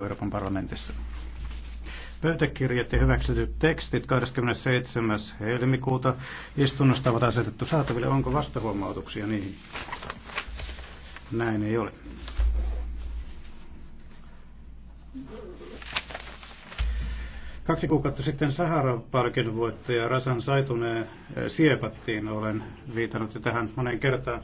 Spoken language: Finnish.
Euroopan parlamentissa. Pöytäkirjat ja hyväksytyt tekstit 27. helmikuuta istunnosta ovat asetettu saataville. Onko vastahuomautuksia niihin? Näin ei ole. Kaksi kuukautta sitten Sahara-parkin voittaja Rasan Saituneen siepattiin. Olen viitannut jo tähän moneen kertaan.